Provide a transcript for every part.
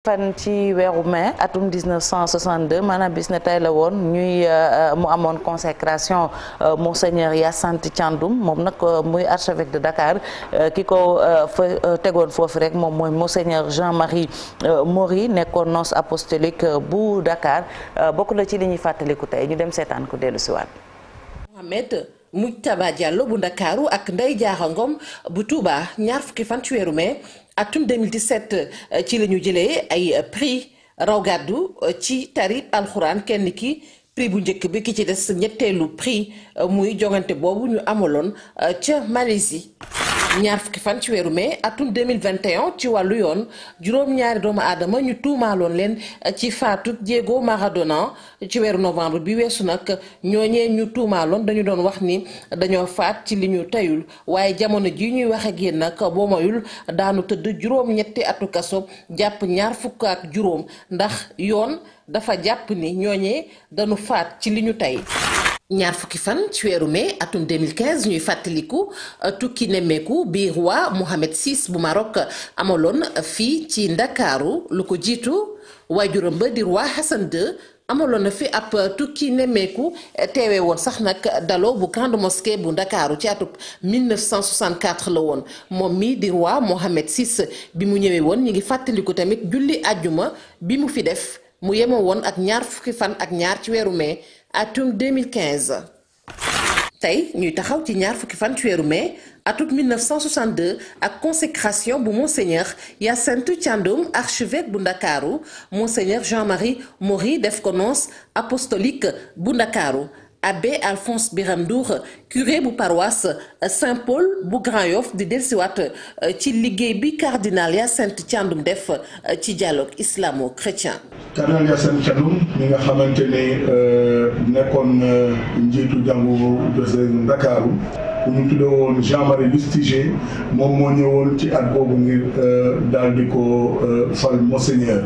fan ci weeru mai atum 1962 maanaam bis na tey la woon ñuy euh, euh, mu amoon consécration euh, monseigneur Hyacinthe Thiandoum moom nag muy archevêque de Dakar ki ko fa tegoon foofu rek moom mooy monseigneur Jean-Marie Maury nekkoon nonce apostolique bu Dakar bokk na ci li fàttaliku tey ñu dem seetaan ku dellu siwaat Moujtaba Diallo bu ndakaaru ak Ndeye Diakha Ngom bu Touba ñaar fukki fan ci weeru mai atum 2017 eh, ci la ñu jëlee ay prix raw gàddu eh, ci tarib alxuraan kenn ki prix bu njëkk bi ki ci des ñetteelu prix eh, muy jongante boobu ñu amaloon ca Malaisie. ñaar fukki fan ci weeru mai atum 2021 ci wàllu yoon juróom-ñaari doomu aadama ñu tuumaaloon leen ci faatu Diego Maradona ci weeru novembre bi weesu nag ñooñee ñu tuumaaloon dañu doon wax ni dañoo faat ci li ñu teyul waaye jamono ji ñuy wax ak yéen nag boo moyul daanu tëdd juróom-ñetti atu kaso jàpp ñaar fukk ak juróom ndax yoon dafa jàpp ni ñooñee dañu faat ci li ñu tey ñaar fukki fan ci weeru mai atum 2015 ñuy fàttaliku euh, tukki nemmeeku bi roi Mohamed VI bu Maroc amaloon fii ci ndakaaru lu ko jiitu waajuram ba di roi Hassan II amaloon na fi ab tukki nemmeeku teewee woon sax nag daloo bu grande mosquée bu ndakaaru ci atub 1964 la woon moom mi di roi Mohamed VI bi mu ñëwee woon ñu ngi fàttaliku tamit julli àjjuma bi mu fi def mu yemoo woon ak ñaar fukki fan ak ñaar ci weeru mai atum 2015 tey ñuy taxaw ci ñaar fukki fan ci weeru mai atum 1962 ak consécration bu monseigneur Hyacinthe Thiandoum archevêque bu ndakaaru monseigneur Jean-Marie Maury def ko nonce apostolique bu ndakaaru abbé Alphonse Biram Ndour curé bu paroisse Saint-Paul bu Grand-Yoff di delsiwaat euh, ci liggéey bi cardinal Hyacinthe Thiandoum def euh, ci dialogue islamo-chrétien. cardinal Hyacinthe Thiandoum mi nga xamante ne euh, nekkoon njiitu jàngu diocèse Ndakaaru ku ñu tuddee woon Jean Marie moom moo ñëwoon ci at boobu ngir euh, daal di ko euh, fal monseigneur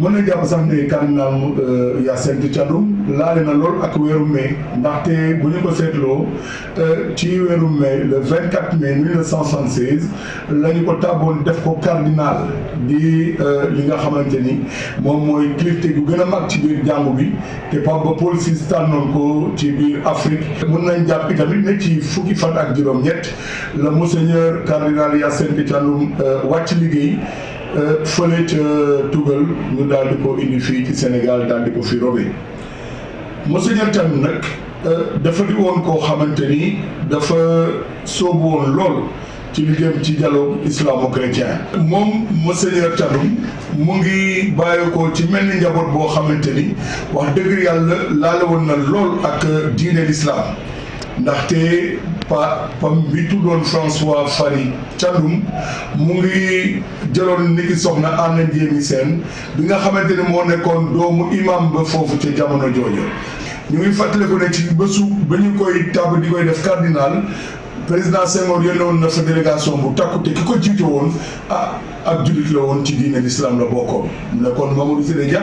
mën na jàpp sax ya cardinal euh, Hyacinthe Thiandoum laale na lool ak weeru mai ndaxte bu ñu ko seetloo ci weeru mai le 24 mai 1976 la ñu ko tàbboon def ko cardinal di li nga xamante ni moom mooy kilifte gu gën a mag ci biir jàngu bi te Pape Paul VI tànnoon ko ci biir Afrique. mën ne ci fukki. fukki fan ak juróom-ñett la monseigneur cardinal Hyacinthe Thiandoum euh, wàcc liggéey euh, fële ca euh, tugal ñu daal di ko indi fii ci Sénégal daal di ko fi robe monseigneur Thiandoum nag dafa di woon koo xamante ni dafa soobu woon lool ci li ci dialogue islamo-chrétien. moom monseigneur Thiandoum mu ngi bàyyi ko ci mel ni njaboot boo xamante ni wax dëgg yàlla laale woon na lool ak diine l'islam ndaxte pa pam bi tuddoon François Fary Thiandoum mu ngi jëloon niki soxna Anna Ndiémi Sène bi nga xamante ne moo nekkoon doomu imam ba foofu ca jamono jooju ñu ngi fàttaliku ne ci bésu ba ñu koy tàbb di koy def cardinal président Senghor yónnee woon na fa délégation bu takku te ki ko jiite woon ak ah, jullit la woon ci diine l'islam la bokkoon ne kon Mamadou Sidé Dia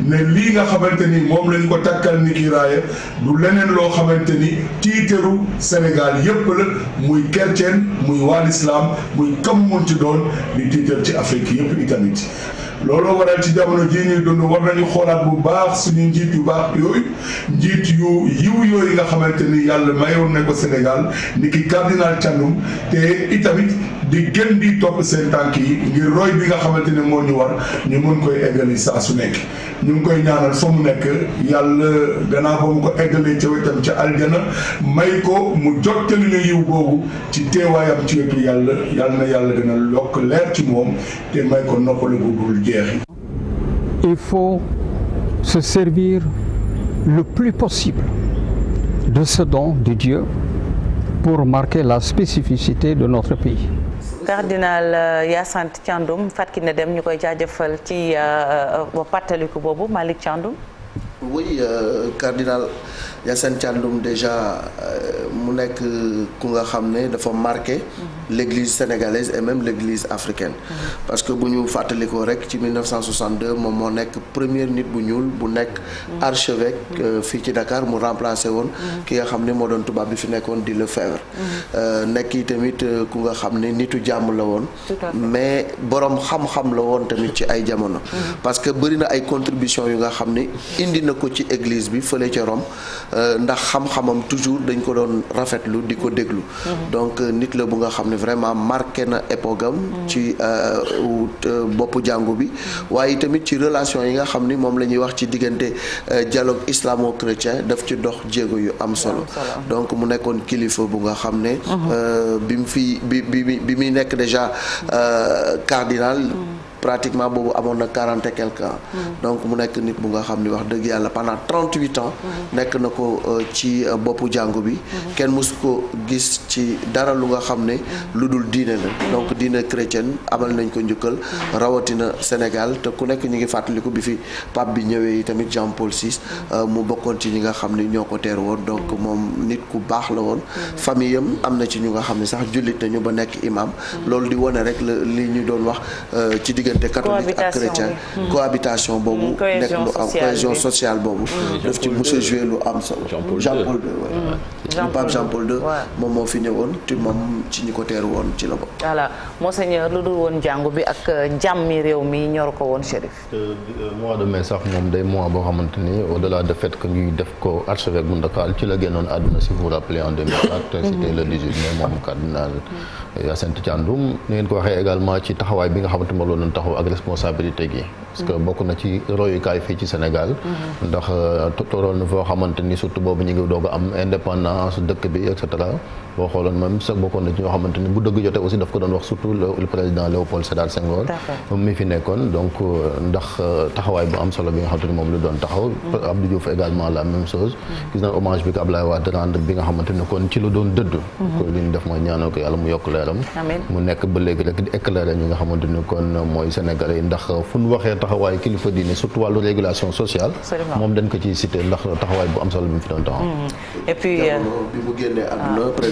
ne lii nga xamante ni moom lañ ko takkal ni kii raaya du leneen loo xamante ni tiiteru Sénégal yëpp la muy kerceen muy waa l'islam muy kam mun ci doon di tiiter ci Afrique yëpp itamit looloo waral ci jamono jii ñuy dund war nañu xoolaat bu baax suñu njiit yu baax yooyu njiit yu yiw yooyu nga xamante ni yàlla mayoon na ko Sénégal ni ki cardinal Thiandoum te itamit di gën di topp seen tànk yi ngir roy bi nga xamante ne moo ñu war ñu mën koy eggali saa su nekk ñu ngi koy ñaanal fa mu nekk yàlla gannaaw ba mu ko eggalee ca wetam ca aljana may ko mu jottali na yiw boobu ci teewaayam ci wetu yàlla yàlla na yàlla gën a lokk leer ci moom te may ko noppalu bu dul jeexi il faut se servir le plus possible de ce don de Dieu pour marquer la spécificité de notre pays. cardinal euh, Hyacinthe Thiandoum Fatkine dem ñu koy jaajëfal ci pàttaliku euh, euh, boobu Malick Thiandoum oui euh, cardinal Yassine Thiandoum déjà euh, mu nekk euh, ku nga xam ne dafa marqué. Mhm. l'église sénégalaise et même l'église africaine. Mhm. parce que bu ñu fàttalikoo rek ci 1962 moom moo nekk première nit bu ñuul bu nekk. Mhm. archevêque euh, fii ci Dakar mu remplacé woon. ki nga xam ne moo doon tubaab bi fi nekkoon di Lefebvre. nekk yi tamit ku nga xam ne nitu jàmm la woon. mais borom xam-xam la woon tamit ci ay jamono. parce que bëri ay contributions yu nga xam ne indi na la ko ci église bi fële ca Rome euh, ndax xam-xamam toujours dañ ko doon rafetlu di ko déglu mhm. donc euh, nit la bu nga xam ne vraiment marqué na époque am mhm. ci euh, boppu jàngu bi mhm. waaye tamit ci relation yi nga xam ni moom lañuy wax ci diggante dialogue islamo-chrétien daf ci dox jéego yu am solo donc mu nekkoon kilifa bu nga xam ne bi mu fi bi bi bi muy nekk déjà cardinal pratiquement boobu amoon na quarante et quelque ans hmm. donc mu nekk nit bu nga xam ni wax dëgg yàlla pendant trente huit ans hmm. nekk na ko euh, ci euh, boppu jàngu bi hmm. kenn mosu ko gis ci dara lu nga xam ne lu dul diine la donc diine chrétienne amal nañ ko njukkal rawatina Sénégal te ku nekk ñu ngi fàttaliku bi fi pape bi ñëwee yi tamit Jean Paul VI euh, mu bokkoon ci ñi nga xam ni ñoo ko teer woon donc moom nit ku baax la woon famille am am na ci ñu nga xam ne sax jullit nañu ba nekk imam loolu di wone rek diggante catholique ak chrétien hmm. cohabitation boobu hmm. nekk lu am cohésion sociale boobu hmm. daf ci mos a joué lu am solo Jean Paul II lu pape Jean Paul II moom moo fi ñëwoon te moom ci ñi ko teeru woon ci la bokk voilà monseigneur lu dul woon jàngu bi ak euh, jàmmi réew mi ñor ko woon Chérif euh, euh, mois de mai sax moom day mois boo xamante ni au delà de fait que ñuy def ko archevêque bu Ndakaaru ci la génnoon àdduna si vous rappelez en 2004 c'était le 18 mai moom cardinal Hyacinthe Thiandoum ni ngeen ko waxee également ci taxawaay bi nga xamante moo loolu taxaw ak responsabilité gi. parce que mm-hmm. bokk na ci royukaay fii ci Sénégal. Mm-hmm. ndax euh, tolloon foo xamante surtout boobu ñu ngi doog a am indépendance dëkk bi et cetera boo xooloon même sax bokkoon na ci ñoo ni bu dëgg jotee aussi daf ko doon wax surtout le président Léopold Sédar Senghor. moom mi fi nekkoon donc euh, ndax euh, taxawaay bu am solo bi nga xamante ni moom la mm-hmm. def mooy ñaanal yàlla mu yokk leeram. mu nekk ba léegi rek di éclairer ñi nga xamante kon mooy sénégalais yi ndax fu ñu waxee taxawaay kilifa diine surtout wàllu régulation sociale. moom dañ ko ciy ndax taxawaay bu am solo bi mu fi doon mm-hmm. euh,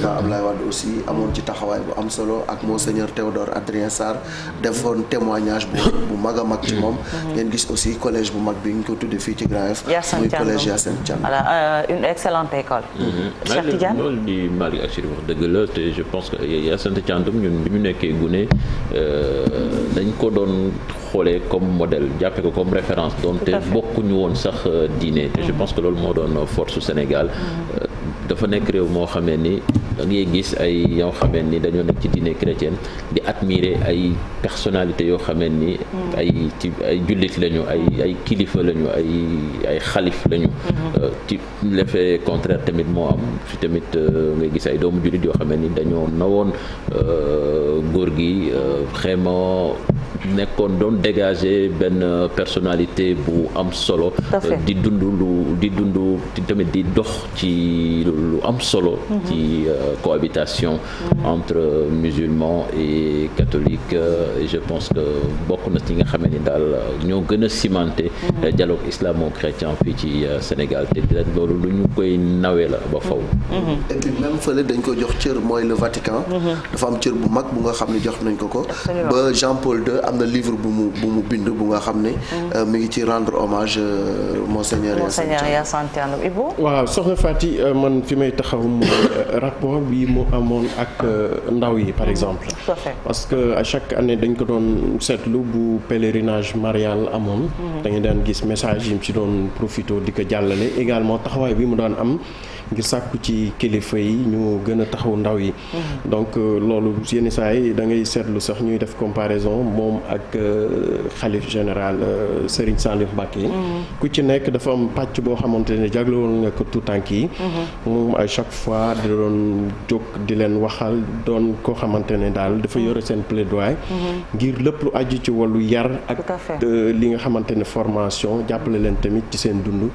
ah. taxawaay bu am solo ak monseigneur Théodore Adrien Sarr defoon témoignage bu bu mag a mag ci moom. Mm-hmm. ngeen gis aussi collège bu mag bi ñu ko tuddee fii ci Grand F. muy collège Yassine euh, mm-hmm. la te je pense que Yassine bi ñu nekkee gune euh, dañ ko doon. doon xoolee comme modèle jàppe ko comme référence donte bokkuñu woon sax euh, diine je mm. pense que loolu moo doon euh, force su Sénégal mm. euh, dafa nekk réew moo xamee ni da ngay gis ay yoo xamee ni dañoo nekk ci diine chrétienne di admirer ay personnalité yoo xamee ni mm. ay ci ay jullit lañu ay ay kilifa lañu ay ay xalif lañu mm-hmm. ci tamit moo am fi tamit ngay gis ay doomu jullit yoo xamee ni dañoo nawoon góor gi vraiment nekkoon doon dégager benn personnalité bu am solo. Euh, di dund lu di dund tamit di dox ci lu am solo. Mhm. ci euh, cohabitation. entre musulmans et catholiques euh, et je pense que bokk na ci nga xam ni daal ñoo gën a cimenté. Mhm. dialogue islamo-chrétien fii ci Sénégal te di loolu lu ñu koy nawee la ba faw mhm. et fële dañ ko jox cër mooy le Vatican. dafa am cër bu mag bu nga xam ne jox nañ ko ko. ba Jean Paul II am na livre bu mu bu mu bind bu nga xam ne. Mm. Euh, mi ngi ci rendre hommage euh, monseigneur. monseigneur Yacine Thiam Ibo. waaw soxna Fati euh, man fi may taxaw mooy rapport bi mu amoon ak ndaw yi par mm. exemple. parce que à chaque année dañ ko doon seetlu bu pèlerinage marial amoon. Mm. dañu daan gis message yi mu ci doon profité di ko jàllale également taxawaay bi mu daan am. ngir sàkku ci kilifa yi ñu gën a taxaw ndaw yi. Mhm. donc euh, loolu yenn saa yi da ngay seetlu sax ñuy def comparaison moom ak euh, xalif général euh, Serigne Saliou Mbacké. Mhm. ku ci nekk dafa am pàcc boo xamante ne jaglewoon nga ko tout tànk yi. Mhm. moom à chaque fois di doon jóg di leen waxal doon koo xamante ne daal dafa yore seen plaidoyer. ngir lépp lu aju ci wallu yar ak li nga xamante ne formation jàppale leen tamit ci seen dund.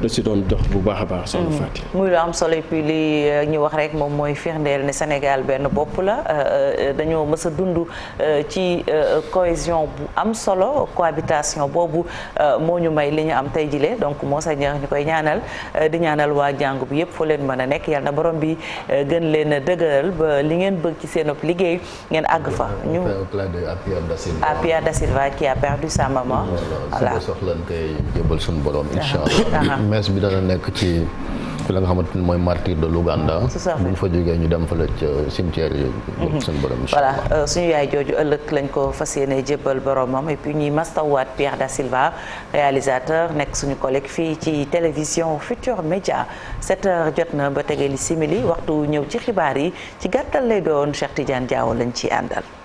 da si doon dox bu baax baax soxna Faty muy lu am solo et puis li euh, ñu wax rek moom mooy firndeel ne Sénégal benn bopp la euh, euh, dañoo mës a dund ci cohésion bu am solo cohabitation boobu moo ñu may li ñu am tey jile donc moo sa monseigneur ñu koy ñaanal di ñaanal waa jàngu bi yëpp foo leen mën a nekk yal na boroom bi gën leen dëgëral ba li ngeen bëgg ci seen liggéey ngeen àgg fa ñu Apia da Silva qui a perdu sa maman voilà soxlan koy jëbal suñu borom incha uh-huh. allah messe bi dana nekk ci fi la nga xamante ni mooy martyr de l'Ouganda. bu ñu fa jógee ñu dem fële ca cimetière yi. Mhm. seen voilà euh, suñu yaay jooju ëllëg lañ ko fas yéene jébbal boromam et puis ñuy mastawaat Pierre da Silva réalisateur nekk suñu collègue fii ci télévision Futur Média 7h jot na ba tegee li simili waxtu ñëw ci xibaar yi ci gàttal lay doon Cheikh Tidiane Diawo lañ ci àndal.